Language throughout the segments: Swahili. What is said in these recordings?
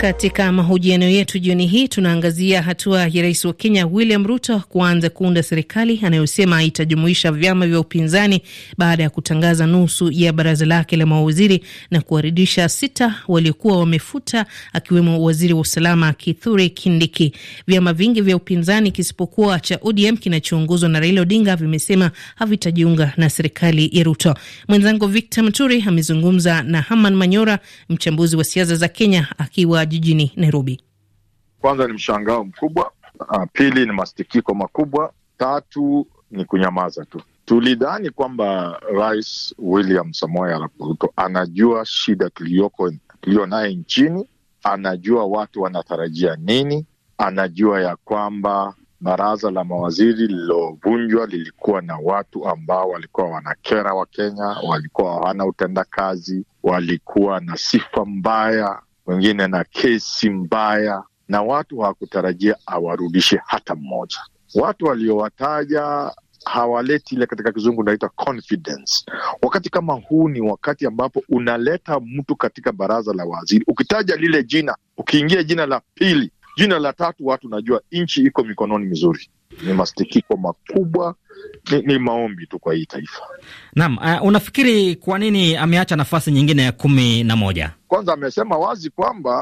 Katika mahojiano yetu jioni hii tunaangazia hatua ya rais wa Kenya William Ruto kuanza kuunda serikali anayosema itajumuisha vyama vya upinzani baada ya kutangaza nusu ya baraza lake la mawaziri na kuwaridisha sita waliokuwa wamefuta, akiwemo waziri wa usalama Kithure Kindiki. Vyama vingi vya upinzani kisipokuwa cha ODM kinachoongozwa na Raila Odinga vimesema havitajiunga na serikali ya Ruto. Mwenzangu Victor Mturi amezungumza na Haman Manyora, mchambuzi wa siasa za Kenya akiwa jijini Nairobi? Kwanza ni mshangao mkubwa, pili ni masikitiko makubwa, tatu ni kunyamaza tu. Tulidhani kwamba Rais William Samoei Arap Ruto anajua shida tuliyoko tuliyo naye nchini, anajua watu wanatarajia nini, anajua ya kwamba baraza la mawaziri lililovunjwa lilikuwa na watu ambao walikuwa wanakera Wakenya, walikuwa hawana utendakazi, walikuwa na sifa mbaya wengine na kesi mbaya, na watu hawakutarajia awarudishe hata mmoja. Watu waliowataja hawaleti ile katika kizungu unaita confidence. Wakati kama huu ni wakati ambapo unaleta mtu katika baraza la waziri, ukitaja lile jina, ukiingia jina la pili, jina la tatu, watu najua nchi iko mikononi mizuri. Ni masikitiko makubwa, ni, ni maombi tu kwa hii taifa. Naam. Uh, unafikiri kwa nini ameacha nafasi nyingine ya kumi na moja? kwanza amesema wazi kwamba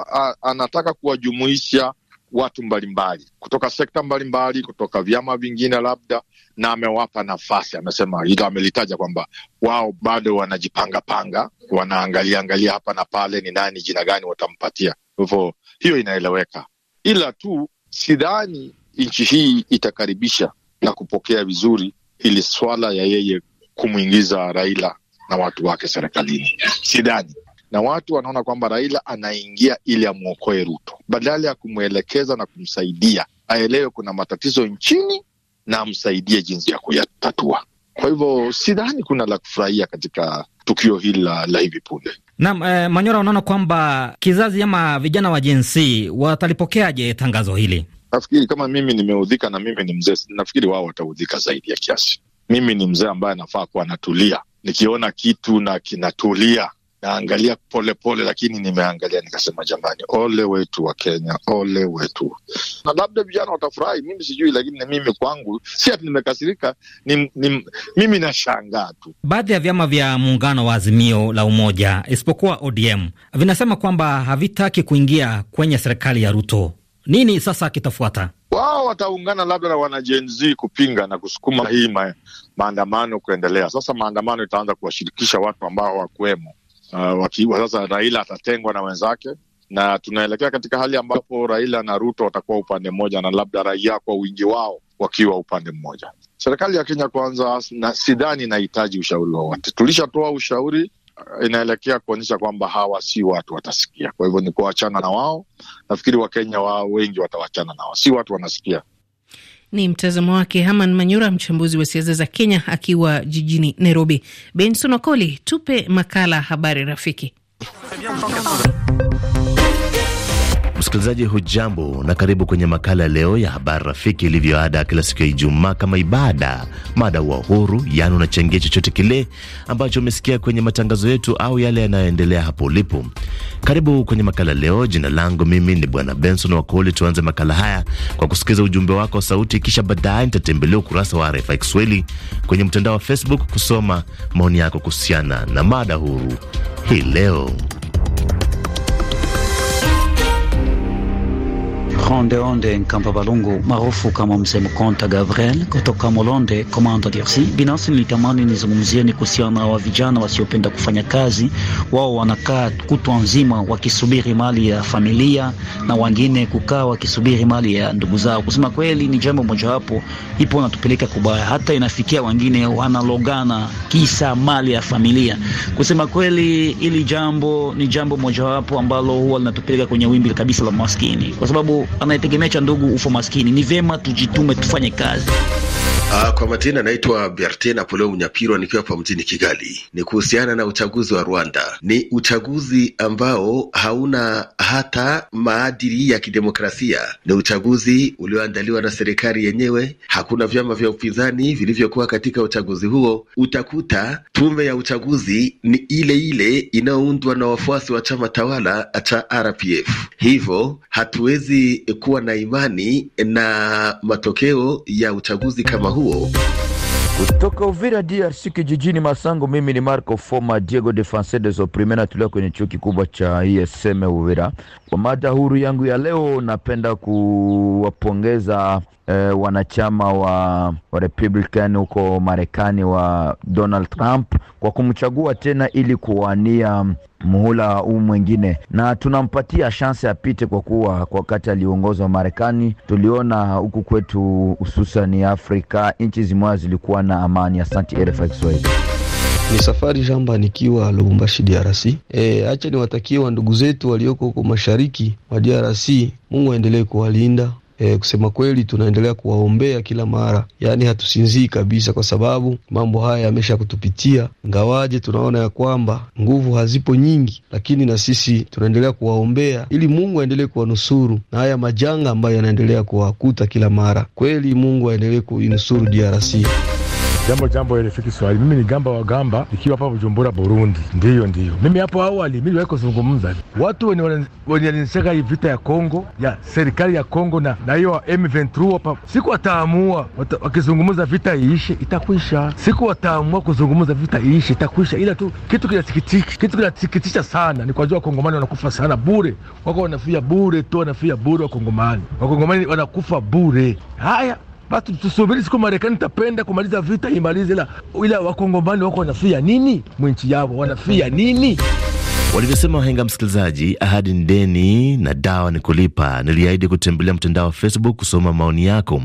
anataka kuwajumuisha watu mbalimbali kutoka sekta mbalimbali kutoka vyama vingine labda, na amewapa nafasi. Amesema hilo, amelitaja kwamba wao bado wanajipangapanga, wanaangalia angalia hapa na pale, ni nani, jina gani watampatia. Hivyo hiyo inaeleweka, ila tu sidhani nchi hii itakaribisha na kupokea vizuri ili swala ya yeye kumwingiza Raila na watu wake serikalini, sidhani na watu wanaona kwamba Raila anaingia ili amwokoe Ruto badala ya kumwelekeza na kumsaidia aelewe kuna matatizo nchini na amsaidie jinsi ya kuyatatua. Kwa hivyo sidhani kuna la kufurahia katika tukio hili la, la hivi punde. Naam, eh, Manyora, unaona kwamba kizazi ama vijana wa jinsi watalipokeaje tangazo hili? Nafikiri kama mimi nimeudhika na mimi ni mzee, nafikiri wao wataudhika zaidi ya kiasi. Mimi ni mzee ambaye anafaa kuwa anatulia, nikiona kitu na kinatulia naangalia polepole, lakini nimeangalia nikasema, jamani, ole wetu wa Kenya, ole wetu. Na labda vijana watafurahi, mimi sijui, lakini mimi kwangu si ati nimekasirika, ni, ni, mimi nashangaa tu. Baadhi ya vyama vya muungano wa Azimio la Umoja isipokuwa ODM vinasema kwamba havitaki kuingia kwenye serikali ya Ruto. Nini sasa kitafuata? Wao wataungana labda na wanajenzi kupinga na kusukuma hii ma, maandamano kuendelea. Sasa maandamano itaanza kuwashirikisha watu ambao wakuwemo uh, wakiwa sasa Raila atatengwa na wenzake na tunaelekea katika hali ambapo Raila na Ruto watakuwa upande mmoja na labda raia kwa wingi wao wakiwa upande mmoja. Serikali ya Kenya kwanza, na sidhani inahitaji ushauri wowote. Tulishatoa ushauri, eh, inaelekea kuonyesha kwamba hawa si watu watasikia. Kwa hivyo ni kuwachana na wao. Nafikiri Wakenya wao wengi watawachana nao, si watu wanasikia. Ni mtazamo wake Haman Manyura, mchambuzi wa siasa za Kenya, akiwa jijini Nairobi. Benson Okoli, tupe makala Habari Rafiki. Msikilizaji hujambo, na karibu kwenye makala leo ya habari rafiki, ilivyoada kila siku ya Ijumaa kama ibada. Mada wa huru, yani unachangia chochote kile ambacho umesikia kwenye matangazo yetu au yale yanayoendelea hapo ulipo. Karibu kwenye makala leo. Jina langu mimi ni Bwana Benson Wakoli. Tuanze makala haya kwa kusikiza ujumbe wako wa sauti, kisha baadaye nitatembelea ukurasa wa RFI Kiswahili kwenye mtandao wa Facebook kusoma maoni yako kuhusiana na mada huru hii leo. Ronde Onde Nkamba Balungu maarufu kama Mzee Konta Gabriel kutoka Molonde Komando DRC. Binafsi nilitamani nizungumzie ni kuhusiana wa vijana wasiopenda kufanya kazi. Wao wanakaa kutwa nzima wakisubiri mali ya familia na wengine kukaa wakisubiri mali ya ndugu zao. Kusema kweli, ni jambo mojawapo ipo natupeleka kubaya, hata inafikia wengine wanalogana kisa mali ya familia. Kusema kweli, ili jambo ni jambo mojawapo ambalo huwa linatupeleka kwenye wimbi kabisa la maskini, kwa sababu anaitegemea cha ndugu ufo maskini. Ni vema tujitume, tufanye kazi. Uh, kwa majina naitwa Biarte Napoleo Munyapirwa nikiwa hapa mjini Kigali. Ni kuhusiana na uchaguzi wa Rwanda. Ni uchaguzi ambao hauna hata maadili ya kidemokrasia. Ni uchaguzi ulioandaliwa na serikali yenyewe. Hakuna vyama vya upinzani vilivyokuwa katika uchaguzi huo. Utakuta tume ya uchaguzi ni ile ile inayoundwa na wafuasi wa chama tawala cha RPF. Hivyo hatuwezi kuwa na imani na matokeo ya uchaguzi kama huo. Kutoka Uvira DRC kijijini Masango, mimi ni Marco Foma Diego Defense des Oprime, natulia kwenye chuo kikubwa cha ISM Uvira. Kwa mada huru yangu ya leo, napenda kuwapongeza eh, wanachama wa, wa Republican huko Marekani wa Donald Trump kwa kumchagua tena ili kuwania muhula huu mwingine, na tunampatia shansi apite, kwa kuwa kwa wakati aliongozwa Marekani tuliona huku kwetu hususani Afrika nchi zimoja zilikuwa na amani. Asante RFI Kiswahili. Ni safari jamba nikiwa Lubumbashi DRC. E, eh, acha niwatakie wa ndugu zetu walioko huko mashariki wa DRC, Mungu aendelee kuwalinda E, kusema kweli tunaendelea kuwaombea kila mara, yaani hatusinzii kabisa, kwa sababu mambo haya yamesha kutupitia. ngawaje tunaona ya kwamba nguvu hazipo nyingi, lakini na sisi tunaendelea kuwaombea ili Mungu aendelee kuwanusuru na haya majanga ambayo yanaendelea kuwakuta kila mara. Kweli Mungu aendelee kuinusuru DRC. Jambo jambo ile fiki swali. Mimi ni Gamba wa Gamba nikiwa hapa Bujumbura Burundi. Ndiyo ndiyo. Mimi hapo awali mimi wako zungumza. Watu wenye wananisaka hii vita ya Kongo ya serikali ya Kongo na na hiyo M23 hapa siku wataamua wakizungumza vita iishe itakwisha. Siku wataamua kuzungumza vita iishe itakwisha. Ila tu kitu kinasikitisha, kitu kinasikitisha sana ni kwajua wakongomani wanakufa sana bure. Wako wanafia bure tu wanafia bure wakongomani. Wakongomani wanakufa bure. Haya basi tusubiri siku Marekani tapenda kumaliza vita imalize, la ila wakongomani wako wanafia nini? Mwinchi yao wanafia nini? Walivyosema wahenga, msikilizaji, ahadi ni deni na dawa ni kulipa. Niliahidi kutembelea mtandao wa Facebook kusoma maoni yako.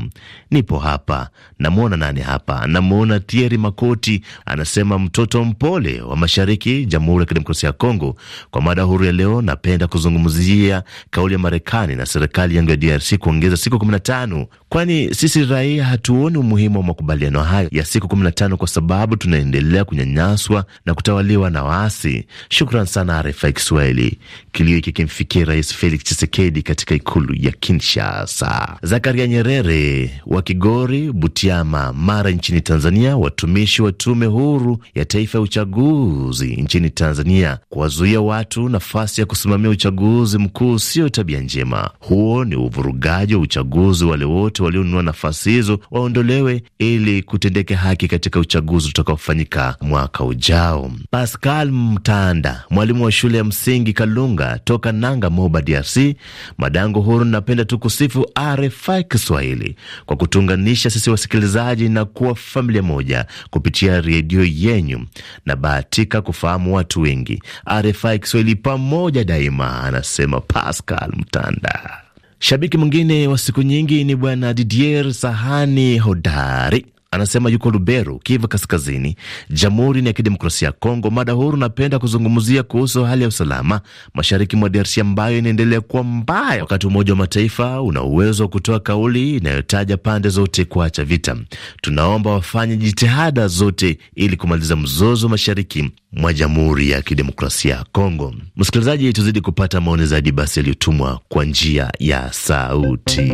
Nipo hapa, namwona nani hapa? Namwona Thierry Makoti, anasema mtoto mpole wa mashariki, Jamhuri ya Kidemokrasia ya Kongo. Kwa mada huru ya leo, napenda kuzungumzia kauli ya Marekani na serikali yangu ya DRC kuongeza siku 15 kwani sisi raia hatuoni umuhimu wa makubaliano hayo ya siku 15 kwa sababu tunaendelea kunyanyaswa na kutawaliwa na waasi. Shukran sana RFI Kiswahili. Kilio hiki kimfikia Rais Felix chisekedi katika ikulu ya Kinshasa. Zakaria Nyerere wa Kigori, Butiama, Mara nchini Tanzania, watumishi wa tume huru ya taifa ya uchaguzi nchini Tanzania kuwazuia watu nafasi ya kusimamia uchaguzi mkuu sio tabia njema. Huo ni uvurugaji wa uchaguzi wale wote watu walionunua nafasi hizo waondolewe ili kutendeke haki katika uchaguzi utakaofanyika mwaka ujao. Pascal Mtanda, mwalimu wa shule ya msingi Kalunga toka Nanga Moba, DRC. Madango huru, napenda tu kusifu RFI Kiswahili kwa kutuunganisha sisi wasikilizaji na kuwa familia moja kupitia redio yenyu. Nabahatika kufahamu watu wengi. RFI Kiswahili pamoja daima, anasema Pascal Mtanda. Shabiki mwingine wa siku nyingi ni bwana Didier Sahani hodari anasema yuko Luberu, Kivu Kaskazini, Jamhuri ya Kidemokrasia ya Kongo. Mada huru napenda kuzungumzia kuhusu hali ya usalama mashariki mwa DRC ambayo inaendelea kuwa mbaya, wakati Umoja wa Mataifa una uwezo wa kutoa kauli inayotaja pande zote kuacha vita. Tunaomba wafanye jitihada zote ili kumaliza mzozo mashariki mwa Jamhuri ya Kidemokrasia ya Kongo. Msikilizaji, tuzidi kupata maoni zaidi basi yaliyotumwa kwa njia ya sauti.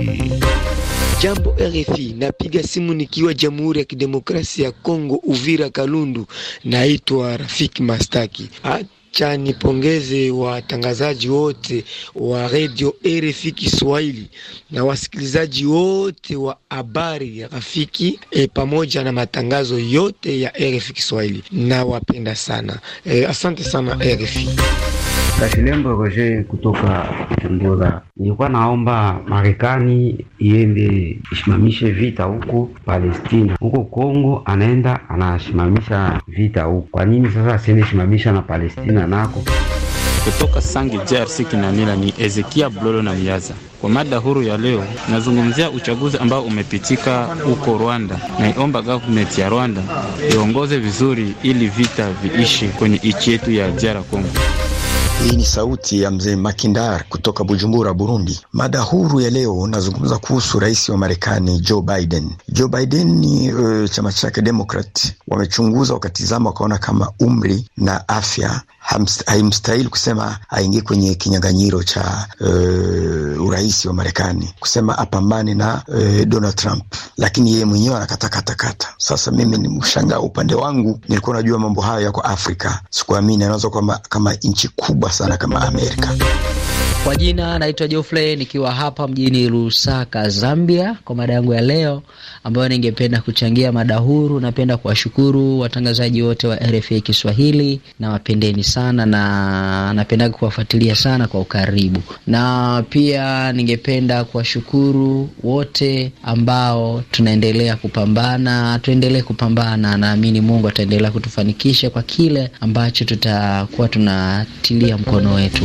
Jambo RFI, napiga simu nikiwa Jamhuri ya Kidemokrasia ya Kongo, Uvira Kalundu. Naitwa Rafiki Mastaki cha nipongeze watangazaji wote wa redio RFI Kiswahili na wasikilizaji wote wa habari ya rafiki e, pamoja na matangazo yote ya RFI Kiswahili na wapenda sana e, asante sana RFI. Kashilembo Roger kutoka Bujumbura. Nilikuwa naomba Marekani iende isimamishe vita huko Palestina, huko Kongo anaenda anasimamisha vita huko. Kwa nini sasa asiende simamisha na Palestina? nako kutoka Sange DRC Kinanila ni Ezekia Blolo na Miaza. Kwa mada huru ya leo nazungumzia uchaguzi ambao umepitika huko Rwanda. Naiomba government ya Rwanda iongoze vizuri ili vita viishi kwenye nchi yetu ya Jara Kongo. Hii ni sauti ya mzee Makindar kutoka Bujumbura, Burundi. Mada huru ya leo nazungumza kuhusu rais wa Marekani Joe Biden. Joe Biden ni uh, chama chake Demokrat wamechunguza wakatizama, wakaona kama umri na afya haimstahili kusema aingie kwenye kinyang'anyiro cha uh, urais wa Marekani, kusema apambane na uh, Donald Trump, lakini yeye mwenyewe anakatakatakata. Sasa mimi ni mshangaa upande wangu, nilikuwa najua mambo hayo yako Afrika, sikuamini anaweza kama, kama nchi kubwa sana kama Amerika. Kwa jina naitwa Geoffrey nikiwa hapa mjini Lusaka, Zambia, kwa mada yangu ya leo ambayo ningependa kuchangia mada huru. Napenda kuwashukuru watangazaji wote wa RFA Kiswahili na wapendeni sana, na napenda kuwafuatilia sana kwa ukaribu, na pia ningependa kuwashukuru wote ambao tunaendelea kupambana. Tuendelee kupambana, naamini Mungu ataendelea kutufanikisha kwa kile ambacho tutakuwa tunatilia mkono wetu.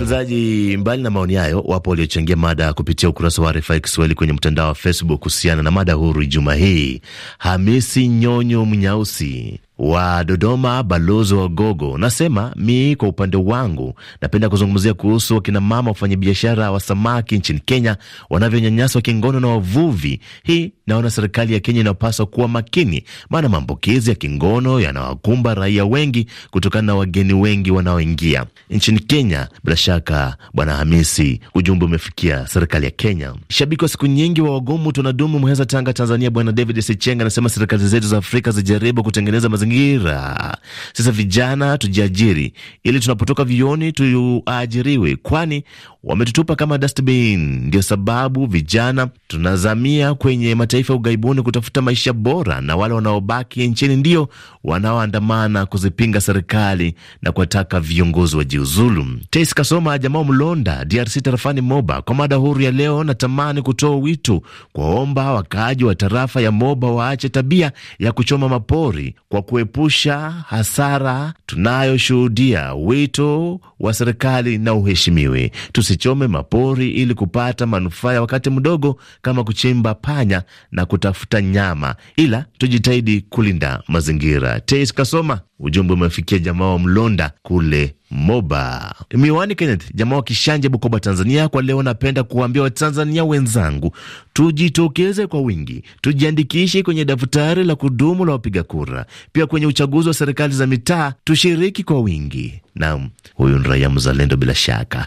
Msikilizaji, mbali na maoni hayo, wapo waliochangia mada kupitia ukurasa wa RFI Kiswahili kwenye mtandao wa Facebook kuhusiana na mada huru juma hii. Hamisi Nyonyo Mnyausi wa Dodoma Balozi wa Gogo nasema, mi kwa upande wangu napenda kuzungumzia kuhusu wakinamama wafanyabiashara wa samaki nchini Kenya wanavyonyanyaswa kingono na wavuvi. Hii naona serikali ya Kenya inapaswa kuwa makini, maana maambukizi ya kingono yanawakumba raia wengi kutokana na wageni wengi wanaoingia nchini Kenya. Bila shaka, Bwana Hamisi, ujumbe umefikia serikali ya Kenya. Shabiki wa siku nyingi wa wagumu tunadumu Mheza, Tanga, Tanzania, Bwana David Sichenga anasema serikali zetu za Afrika zijaribu kutengeneza mazingira ajira. Sasa vijana tujiajiri, ili tunapotoka vioni tuajiriwe, kwani wametutupa kama dustbin. Ndio sababu vijana tunazamia kwenye mataifa ya ughaibuni kutafuta maisha bora, na wale wanaobaki nchini ndio wanaoandamana kuzipinga serikali na kuwataka viongozi wajiuzulu. Tes Kasoma Jamaa Mlonda, DRC tarafani Moba. Kwa mada huru ya leo, natamani kutoa wito kwaomba wakaaji wa tarafa ya Moba waache tabia ya kuchoma mapori kwa kwe kuepusha hasara tunayoshuhudia. Wito wa serikali na uheshimiwe, tusichome mapori ili kupata manufaa ya wakati mdogo kama kuchimba panya na kutafuta nyama, ila tujitahidi kulinda mazingira. Teis Kasoma Ujumbe umefikia jamaa wa Mlonda kule Moba. Miwani Kenneth, jamaa wa Kishanje, Bukoba, Tanzania. Kwa leo napenda kuwaambia Watanzania wenzangu, tujitokeze kwa wingi, tujiandikishe kwenye daftari la kudumu la wapiga kura. Pia kwenye uchaguzi wa serikali za mitaa tushiriki kwa wingi. Naam, huyu ni raia mzalendo bila shaka.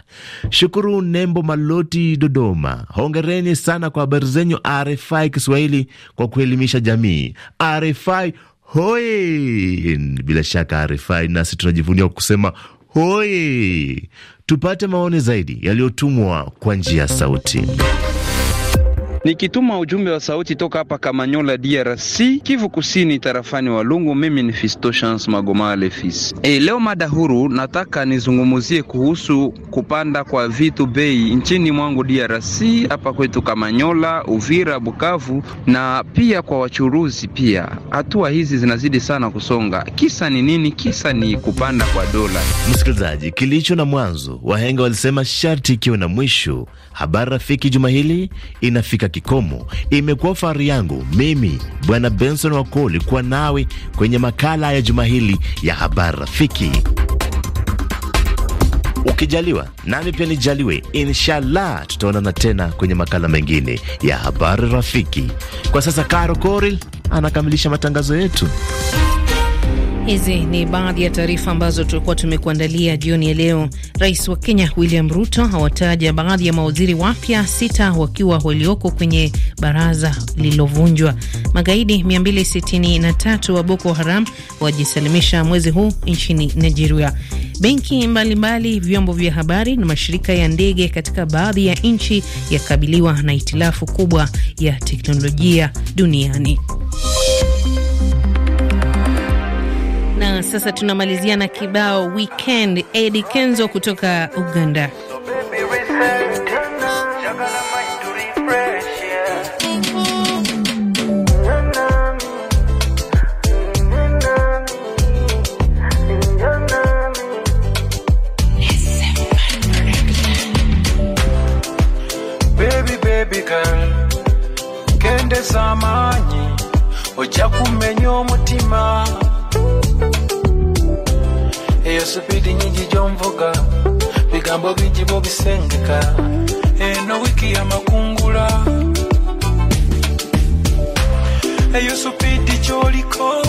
Shukuru Nembo Maloti, Dodoma. Hongereni sana kwa habari zenyu RFI Kiswahili kwa kuelimisha jamii. RFI hoi. Bila shaka arifai, nasi tunajivunia kusema hoi. Tupate maoni zaidi yaliyotumwa kwa njia ya sauti nikituma ujumbe wa sauti toka hapa Kamanyola, DRC, Kivu Kusini, tarafani Walungu. Mimi ni Fisto Chance Magomale Fis. E, leo mada huru nataka nizungumuzie kuhusu kupanda kwa vitu bei nchini mwangu DRC, hapa kwetu Kamanyola, Uvira, Bukavu na pia kwa wachuruzi pia. Hatua hizi zinazidi sana kusonga. Kisa ni nini? Kisa ni kupanda kwa dola. Msikilizaji, kilicho na mwanzo wahenga walisema sharti ikiwa na mwisho. Habari Rafiki juma hili inafika kikomo. Imekuwa fahari yangu mimi Bwana Benson Wakoli kuwa nawe kwenye makala ya juma hili ya habari rafiki. Ukijaliwa nami pia nijaliwe, inshallah tutaonana tena kwenye makala mengine ya habari rafiki. Kwa sasa, Karo Koril anakamilisha matangazo yetu. Hizi ni baadhi ya taarifa ambazo tulikuwa tumekuandalia jioni ya leo. Rais wa Kenya William Ruto awataja baadhi ya mawaziri wapya sita wakiwa walioko kwenye baraza lililovunjwa. Magaidi 263 wa Boko Haram wajisalimisha mwezi huu nchini Nigeria. Benki mbalimbali, vyombo vya habari na mashirika ya ndege katika baadhi ya nchi yakabiliwa na hitilafu kubwa ya teknolojia duniani. sasa tunamalizia na kibao weekend Eddie Kenzo kutoka Uganda. oja kumenya omutima nvuga bigambo bingi mu bisengeka eno wiiki yamakungula eyo supiidi gyoliko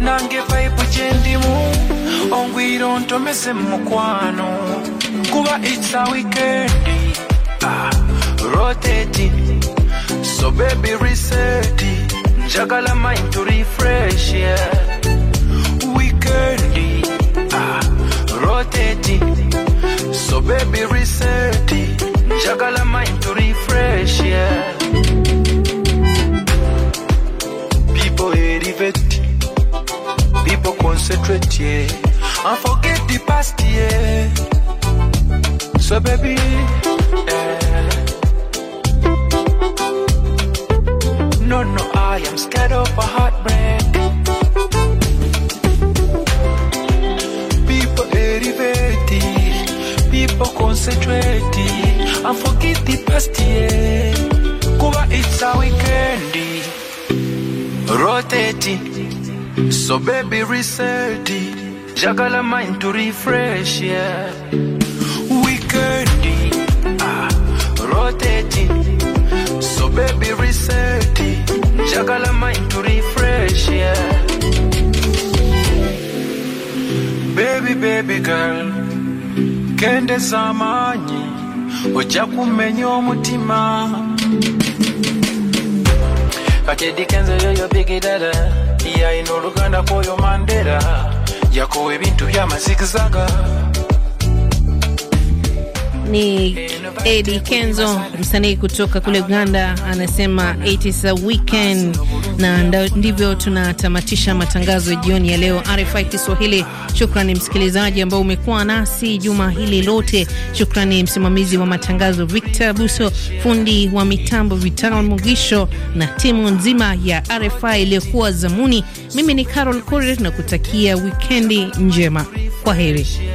nange vayibu gyendimu ongwira ontomeze mukwano kuba itsa wikendi ah, roteti so bebi riseti njagala mind to refresh yeah. strategy. So baby reset it. Jagala mind to refresh, yeah. People elevate, people concentrate, yeah. And forget the past, yeah. So baby. So baby reset it Jagala mind to refresh, yeah We Weekendi ah, Rotating So baby reset it Jagala mind to refresh, yeah Baby, baby girl Kende zamani Oja kumenya omutima kati dikenzo yoyo bigi dada ino oluganda kwoyo mandera yakowa ebintu byamazigizaga ni Edi Kenzo, msanii kutoka kule Uganda, anasema it is a weekend, na ndivyo tunatamatisha matangazo ya jioni ya leo RFI Kiswahili. Shukrani msikilizaji ambao umekuwa nasi juma hili lote. Shukrani msimamizi wa matangazo Victor Buso, fundi wa mitambo Vital Mugisho na timu nzima ya RFI iliyokuwa zamuni. Mimi ni Carol Korir na kutakia wikendi njema. Kwa heri.